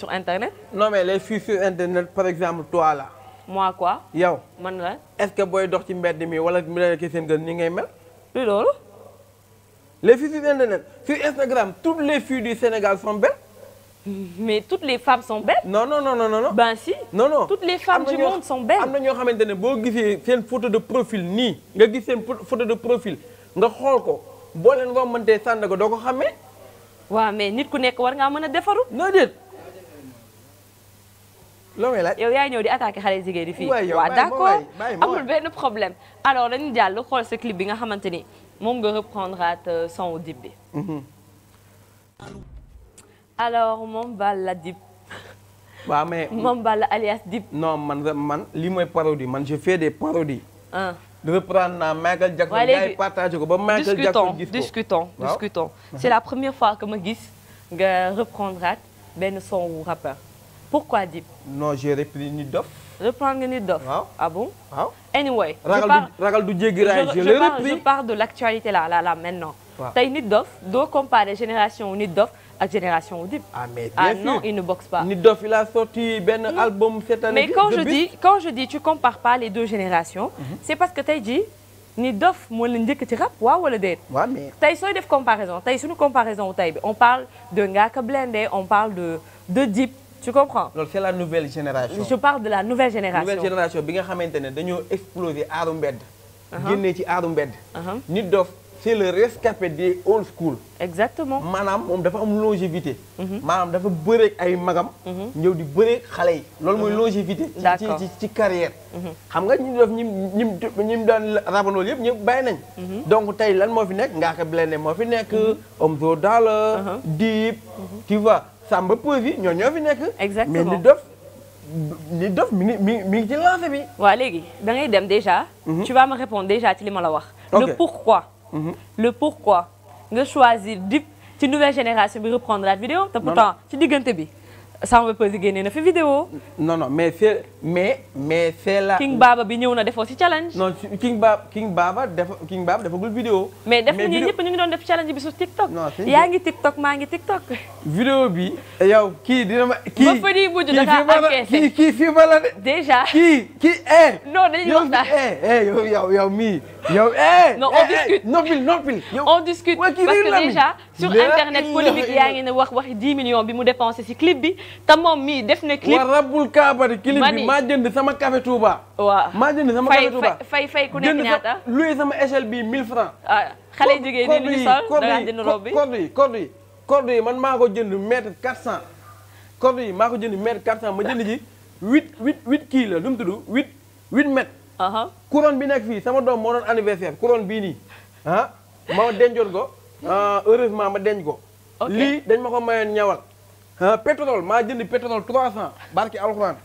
sur internet. non mais les filles sur internet par exemple toi la moi quoi. yow man la. est-ce que booy dox ci mbedd mi wala mu ne la seen gën ni ngay mel. lu loolu. les filles sur internet sur Instagram toutes les filles du Sénégal sont belles. mais toutes les femmes sont belles. non non non non non. si. non non toutes les femmes du monde sont am na ñoo xamante ne boo gisee seen photo de profil nii nga gis seen photo de profil nga xool ko boo leen ko mëntee sànn ko doo ko xamee. waaw nit ku nekk war ngaa mën a defaru. noo loo la laaj yow yaay ñëw di attaqué xale jigéen di fii waaw d'accord amul benn problème alors dañu jàll xool sa clip bi nga xamante ni moom nga reprendre at euh, son dib bi mm-hmm. alors moom la Dip waaw mais moom Balla alias Dip non man man lii mooy parodie man je fais des parodies ah. reprendre naa Michael Jackson gars yi partagé ko ba Michael Jackson gis ko discutons discutons c'est la première fois que ma gis nga reprendre at benn son pourquoi Dip non j'ai repris Nit Dof. reprendre nga Nit ah bon. anyway. ragal du ragal je l'ai je parle de l'actualité là là là maintenant. waaw tey Nit Dof doo comparer génération Nit Dof ak génération wu Dip. ah mais ah, non il ne boxe pas. Nit Dof il a sorti benn mm. album cette année. mais quand je dis quand je dis tu compares pas les deux mm-hmm. c'est parce que tey jii. Nit Dof moo la njëkk ci rap waaw wala déet. waaw mais tey sooy def comparaison tey suñu comparaison tey on parle de Ngaaka Blindé on tu comprends loolu c'est la nouvelle génération. je parle de la nouvelle génération nouvelle génération bi nga xamante ne dañoo exploser aaru mbedd. Uh-huh. génnee ci aaru mbedd. Uh-huh. nit dof c'est le rescapé des old school. exactement maanaam moom dafa am longévité. Uh-huh. maanaam dafa bëreeg ay magam. ñëw di bëreeg xale yi. loolu mooy longévité. ci ci ci carrière. xam nga ñu def ñi ñi ñi daan rabanool yëpp ñëpp bàyyi nañ. donc tey lan moo fi nekk Ngaaka Blindé moo fi nekk. Omzo Dollar. Dip tu vois. sàmba pause yi ñoo ñoo fi nekk. exactement mais li dof li mi ngi mi mi ngi ci lancé bi. waaw léegi da ngay dem déjà. Mhm. tu vas me répondre déjà ci li ma la wax. le pourquoi. Mhm. le pourquoi nga choisir di ci nouvelle génération bi reprendre la vidéo te pourtant ci diggante bi. Samba Peuzzi génnee na fi vidéo non non mais c'est mais mais c'est la. King Baba bi ñëw na defoo ci challenge. non King Baba King Baba dafa King Baba defagul vidéo. mais def nañu ñëpp ñu ngi doon def challenge bi su TikTok. non yaa ngi TikTok maa ngi TikTok. vidéo bi. yow kii dina ma. kii ma fa di mujj da ngaa encaissé kii kii fii ma la de. déjà kii kii eh. non dañuy waxtaan eh, eh, yow yow yow mii yow eh. non on eh, discute noppil noppil. on discute parce sur internet polémique yaa ngi ne wax waxi 10 millions bi mu dépensé si clip bi te moom mii def na clip wa rabbul kaabari clip bi maa jënd sama café Touba waaw maa jënd sama café Touba fay fay ku nekk ñaata luy sama échelle bi 1000 francs ah xale jigéen ni ñu sol da nga jënd robe bi corde man maa ko jënd mètre 400 corde yi maa ko jënd mètre 400 ma jënd ji 8 8 8 kii la lu mu tudd 8 8 mètre couronne bi nekk fii sama doom moo doon anniversaire couronne bii nii ah ma dencoon ko Ah, heureusement ma denc ko. lii dañ ma ko mayoon ñawal. ma ah, maa jënd pétrole 300 barki alxuraan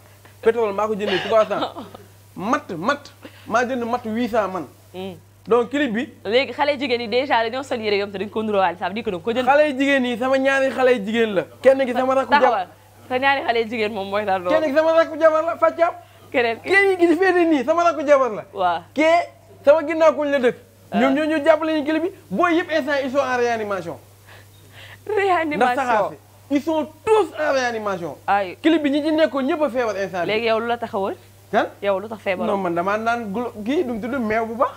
pétrole maa ko jëndee 300 matt matt maa jënd mat 800 man. Hmm. donc clip bi. léegi xale jigéen yi déjà dañoo sol yére yom te dañu ko nuroowaale sax di ko doon ko jënd. xale jigéen yi sama ñaari xale jigéen la. kenn gi sama rakku jabar sa ñaari xale jigéen moom mooy lan loolu. kenn gi sama rakku jabar la Fatia. keneen kii yi gis féete nii sama rakku jabar la. waaw kee sama ginnaaw kuñ la dëkk. Euh, ñoom ñoo ñu jàppale ñu gëlëm yi booy yëpp instant ils sont en réanimation. réanimation ndax saxaar si ils sont tous en réanimation. ay clip bi ñi ci nekkoon ñëpp a feebar instant bi. léegi lu la taxawal. kan yow lu tax feebar non man damaa naan glo kii du mu tudd meew bu baax.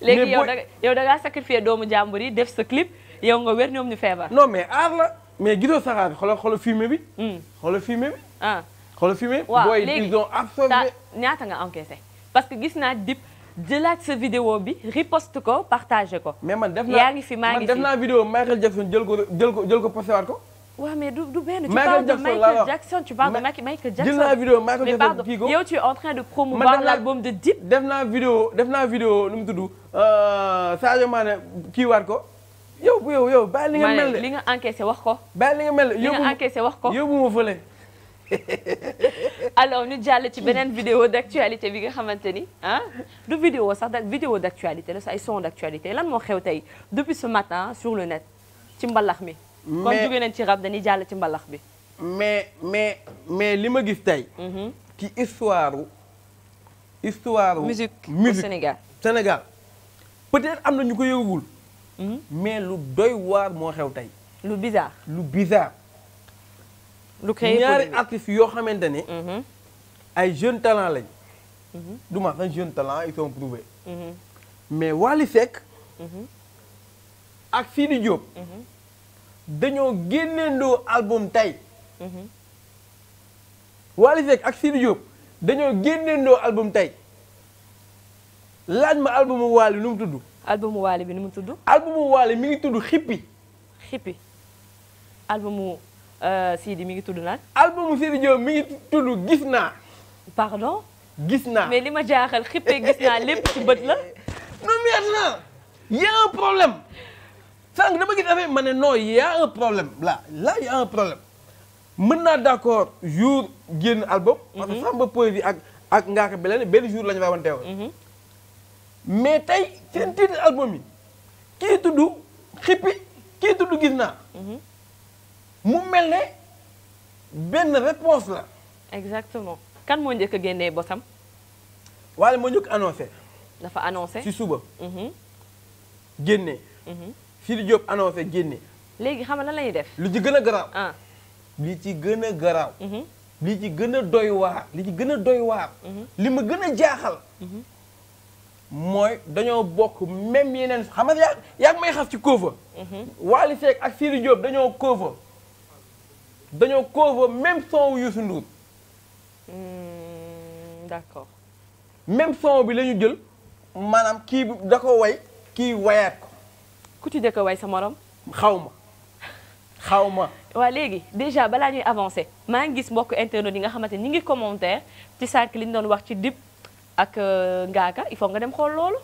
léegi yow da yow da ngaa doomu jàmbur yi def sa clip yow nga wér ñoom ñu feebar. non mais aar la mais gisoo saxaar bi xoolal xoolal bi. Hmm. xoolal fumier bi. ah xoolal fumier. waaw léegi booy ils ont absorbé ñaata nga encaissé parce que gis naa dip. jëlaat sa vidéo bi riposte ko partagé ko. mais man def naa yaa ngi fi maa ngi fi man def naa vidéo Michael Jackson jël ko jël ko jël ko posté waat ko. waaw mais du du benn. Michael Jackson Michael Jackson tu parles de Michael Jackson. jël naa vidéo Michael Jackson kii ko yow tu es en train de promouvoir l'album de Dip. def naa vidéo def naa vidéo nu mu tudd euh, Sadio Mané kii ko. yow yow yow bàyyi li nga mel li nga encaissé wax ko. bàyyi li nga mel ne yóbbu li nga encaissé wax ko. yóbbu ma fële. alors ñu jàll ci beneen vidéo d' actualité bi nga xamante ni ah du vidéo sax vidéo d' actualité la sa ay son d' lan moo xew tey depuis ce matin sur le net ci mbalax mi. mais ci rab dañuy jàll ci mbalax bi. mais mais mais li ma gis tey. Mhm. ci histoire histoire musique musique Sénégal Sénégal peut-être am na ñu ko yëgul. Mhm. mais lu doy waar moo xew tey. lu bizarre lu bizarre. lu koy ñaari artistes yoo xamante ne. Mhm. ay jeunes talent lañ. Mhm. du ma sax jeune talent ils sont prouvés. Mhm. mais Wally Seck. ak Sidi Diop. dañoo génneendoo album dañoo génneendoo album tey laaj ma albumu Wally nu mu tudd. albumu Wally bi nu mu tudd. albumu Wally mi ngi tudd xippi. xippi albumu. Euh, sii di mi ngi tudd naan. albumu Sidi Diop mi ngi tudd gis naa. pardon. gis naa mais li ma jaaxal xippee gis naa lépp ci bët la. non mais attends y' a un problème sànq dama gis affaire ma ne non y' a un problème là là y' a mën naa d' accord jour génn album. Mhm. parce que Samba Poésie ak ak Ngaaka Blindé benn jour la ñu rawanteewoon. Mhm. mais tey seen titre album yi kii tudd xippi kii tudd gis naa. Mhm. mu mel ne benn réponse la. exactement kan moo njëkk a génnee bosam. waaye moo njëkk annoncé. dafa annoncé ci suba. Mhm. génne. Mhm. Sidi Diop annoncé génne. léegi xam nga lan la ñuy def. lu ci gën a garaaw. Ah. li ci gën a garaaw. Mhm. li ci gën a doy waar. li gën a doy waar. li ma gën a jaaxal. mooy dañoo bokk même yeneen xam nga yaa yaa may xas ci kóofa. Wally Seck ak Sidi Diop dañoo kóofa. dañoo cover même son wu Youssou Ndour. Hmm, d'accord. même son bi la ñu jël maanaam kii da ko way kii wayaat ko. ku ci dëkk way sa morom. xaw ma xaw ma. waaw léegi déjà balaa ñuy avancer maa ngi gis mbokk internet yi nga xamante ni ñu ngi commentaire ci sànq li doon wax ci Dip ak euh, Ngaaka il faut nga dem xool loolu.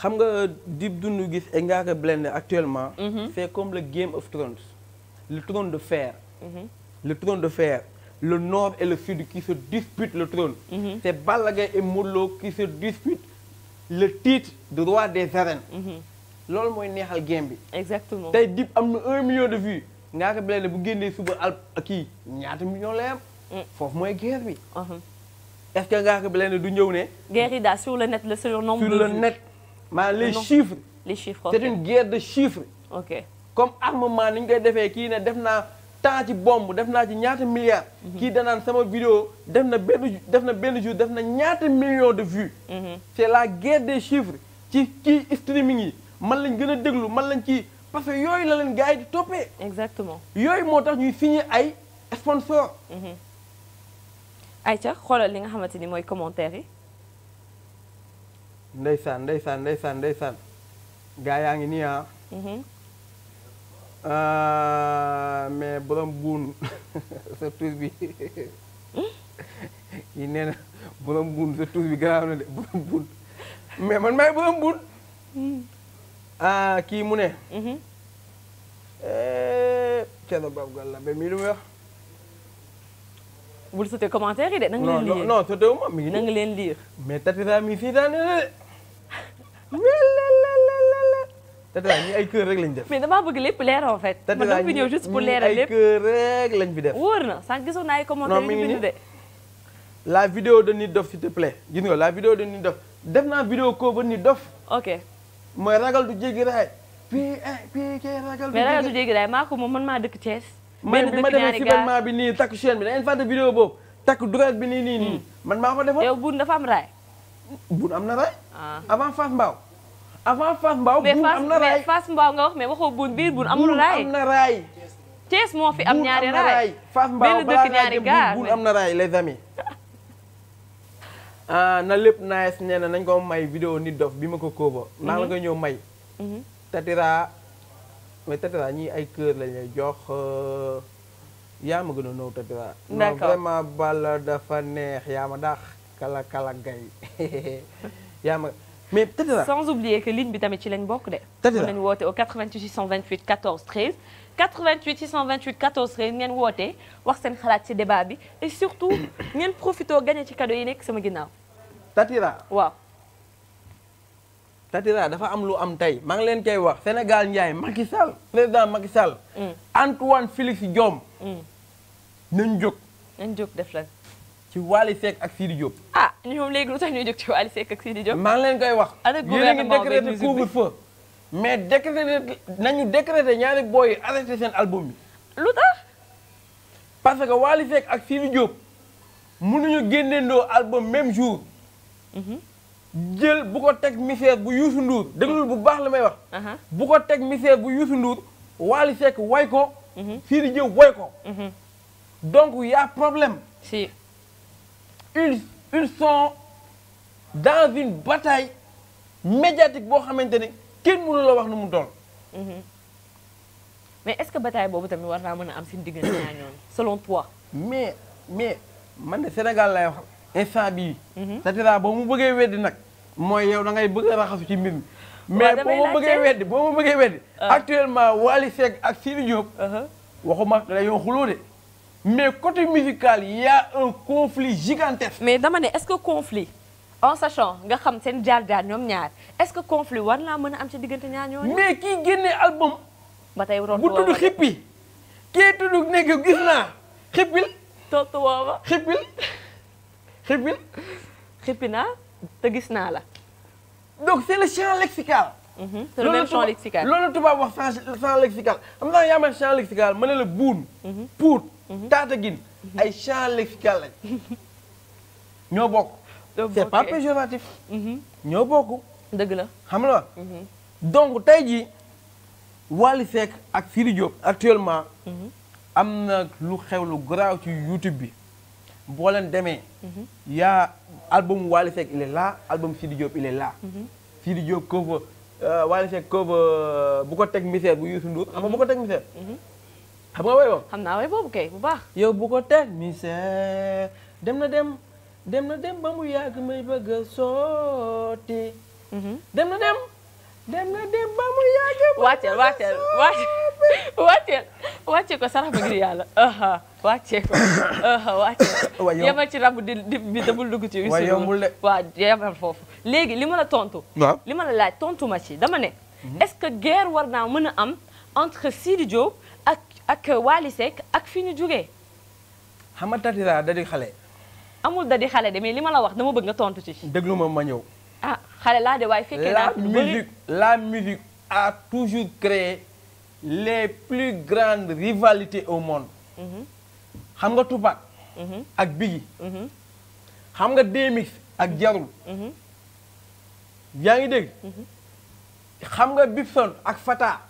xam nga euh, Dip Doundou Guiss et Ngaaka Blindé actuellement. c'est mm-hmm. comme le Game of Thrones le trône de fer. le trône de fer le nord et le sud qui se disputent le trône. Mhm. c'est Balla Gaye et Modou Lo qui se le tiit de roi des arènes. Mhm. loolu mooy neexal game bi. exactement tey dip am na un million de vues. ngaa ko bëggee bu génnee suba al kii ñaata million lay mm. foofu mooy guerre bi. Uh-huh. est-ce que ngaa ko bëggee du ñëw ne. guerre daal sur le net le surnom. sur le net maanaam les chiffres. les chiffres ok de chiffres. ok comme armement ni ñu koy defee kii ne def naa. temps ci bomb def naa ci ñaata milliards. Mhm. kii danaan sama vidéo def na benn def na benn def na ñaata millions de vues. Mhm. c' est la guerre des ci ci streaming yi man lañ gën a déglu man lañ ci parce que yooyu la leen gars yi di toppee. exactement yooyu moo tax ñuy signé ay sponsor mhm. Aïcha xoolal li nga xamante ni mooy commentaire yi. ndeysaan ndeysaan ndeysaan ndeysaan gaa yaa ngi nii ah. Euh, mais borom buun sa tur bi yi nee na borom buun sa tur bi garaaw na de borom buun mais man maay borom buun hmm. ah, kii mu ne mm-hmm. eh, Thierno Bab Galla ba mii lu muy wax bul sotee commentaire yi de na nga leen lire non non sotee wu ma mi ngi na nga leen lire mais tatira Tata ñi ay kër rek lañ def. mais damaa bëgg lépp leer en fait. man dama fi ñëw juste pour leeral lépp ay kër rek lañ fi def. wóor na sànq gisoon naa ay commentaires yu bind de. la vidéo de Nit Dof s'il te plaît gis nga la vidéo de Nit Dof def naa vidéo ko ba Nit Dof. ok mooy ragal du jéggi raay. pii pii kay ragal du jéggi mais ragal du jéggi raay maa ko moom man maa dëkk Thiès. benn dëkk ñaari gars man bi ma demee supermarché bi nii takk chaîne bi da ngeen fàtte vidéo boobu takk dugal bi nii nii nii. man maa ko defoon yow buun dafa am raay. buun am na raay. avant ah. Fass Mbao avant Fass Mbao. buun am na nga wax mais waxoo buun biir buun amul raay buun am na raay. Thiès moo fi am ñaari raay Fass Mbao balaa ngaa dem buun am na raay les ah, na lépp nice nee na nañ ko may vidéo nit dof ma ko kóoba. naa la nga mhm. ñëw may. Mhm. tatira mais tatira ñii ay kër lañ jox euh, yaa ma gën a nëw tatira. non dafa neex yaa daax kala kala gay mais Tati sans oublier que ligne bi tamit ci lañ bokk de. Tati la mën nañu woote au 88 628 14 13. 88 628 14 13 ngeen woote wax seen xalaat ci débat bi et surtout ngeen profitoo gagné ci cadeau yi nekk sama ginnaaw. Tati la waaw. Tatira dafa am lu am tey maa ngi leen koy wax senegal Ndiaye Macky Sall président Macky Sall. Mm. Antoine Félix Diome. Mm. nañ jóg. nañ jóg def la. ci Wally Seck ak Sidi Diop. ah ñun moom léegi lu tax ñuy jóg ci Wally Seck ak Sidi Diop. maa ngi leen koy wax. ana gouvernement bi yéen a ngi décrété couvre-feu mais décrété ñaari booy yi arrêté seen album bi. lu tax. parce que Wally Seck ak Sidi Diop mënuñu génneendoo album même jour. Mhm. jël bu ko teg misère bu Youssou Ndour déglul bu baax la may wax. bu ko teg misère bu Youssou Ndour Wally Seck way ko. Mhm. Sidi Diop way ko. Mhm. donc y a ils ils sont dans une bataille médiatique boo xamante ne kenn mënu la wax nu mu doon. Mhm. mais est-ce que bataille boobu tamit war naa mën a am seen diggante ñaar ñoom selon toi. mais mais man de Sénégal lay wax instant bii. Mhm. cest à boo mu bëggee weddi nag mooy yow da ngay bëgg a raxasu ci mbir mi. mais boo ma bëggee weddi boo ma bëggee weddi. Ah. actuellement Wally Seck ak Sidi Diop. Uh-huh. waxuma dañoo xuloo de. mais côté musical y a un conflit gigantesque. mais dama ne est-ce que conflit en sachant nga xam seen jaar-jaar ñoom ñaar est-ce que conflit war naa mën a am ci diggante ñaar ñooñu. mais kii génnee album. ba tey bu tudd xippi. kii tudd nekk gis naa xippil. tontu wooba xippil xippil. xippi naa te gis naa la. donc c'est le champ lexical. Mhm, c'est le même champ lexical. loolu tubaab wax champ lexical xam naa yaa ma champ lexical ma la buun. Mhm. puut. Mhm. Tattaguine mhm. ay champs lexical lañ ñoo bokk. c'est pas péjoratif. Mhm. ñoo bokk. dëgg la xam nga donc tey jii Wally Seck ak Sidi Diop actuellement. am na lu xew lu garaaw ci YouTube bi boo leen demee. yaa album Wally Seck laa est là album Sidi Diop il est là. Sidi Diop cover euh, Wally euh, bu ko teg misère bu Youssou Ndour xam bu ko teg misère. xam nga way boobu xam naa way boobu kay bu baax yow bu ko teg misère dem na dem dem na dem ba mu yàgg may bëgg a dem na dem dem na dem ba mu yàgg wàcceel wàcceel wàcceel wàcce ko sarax bi ngir yàlla wàcce ko wàcce ci rabu di bi dabul dugg ci yombul de waaw yemal foofu léegi li ma la tontu li ma la laaj tontu ma ci dama ne est-ce que guerre war naa mën a am entre Sidi Diop ak Wally Seck ak fi ñu jugee. xam nga Tatira da xale. amul da xale de mais li ma la wax dama bëgg nga tontu ci. déglu ma ma ñëw. ah xale laa de waaye la musique la musique a toujours créé les plus grandes rivalités au monde. Mhm. xam nga Tupac. Mhm. ak Biggie. Mhm. xam nga Démix ak Jarul. yaa ngi dégg. xam nga Bibson ak Fata.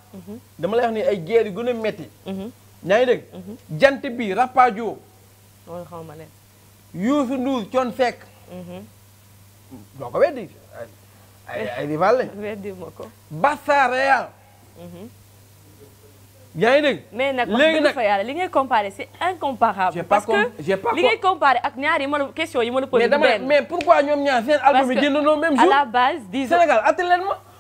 dama lay wax ni ay guerre yu gën a metti ñaa mhm. ngi dégg mhm. jant bi rapajo loolu xaw ma leen Youssou Ndour Thione Seck mhm. doo ko weddi ay ay rival lañ weddi ma ko Bassa Real yaa ngi dégg mais nag léegi nag fa yàlla li ngay comparé c'est incomparable parce que li ngay comparé ak ñaar yi ma la question yi ma la posé mais pourquoi ñoom ñaar seen album yi génn noonu même jour à la base disons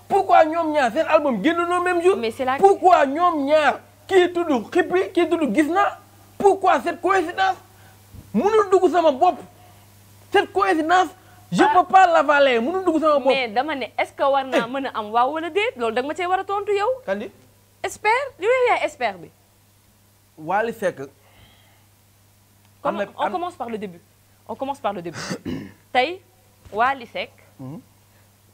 pourquoi ñoom ñaar seen album génnoonoo même jour. mais c'est la pourquoi ñoom ñaar kii tudd xippi kii tudd gis na pourquoi cette coïncidence mënul dugg sama bopp cette coïncidence. je ah. peux pas l'avaler mënul dugg sama bopp. mais dama ne est-ce que war naa eh. mën a am waaw wala déet loolu da nga ma cee war a tontu yow. kandi expert li wéy yaay expert bi. Wally Seck. am on commence par le début on commence par le début tey Wally Seck. Mhm.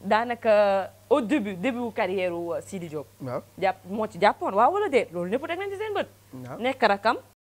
daanaka au début début carrière wu euh, Sidi Diop. waaw jàpp moo ci jàppoon waaw wala déet loolu ñëpp teg nañ ci seen bët. nekk rakam.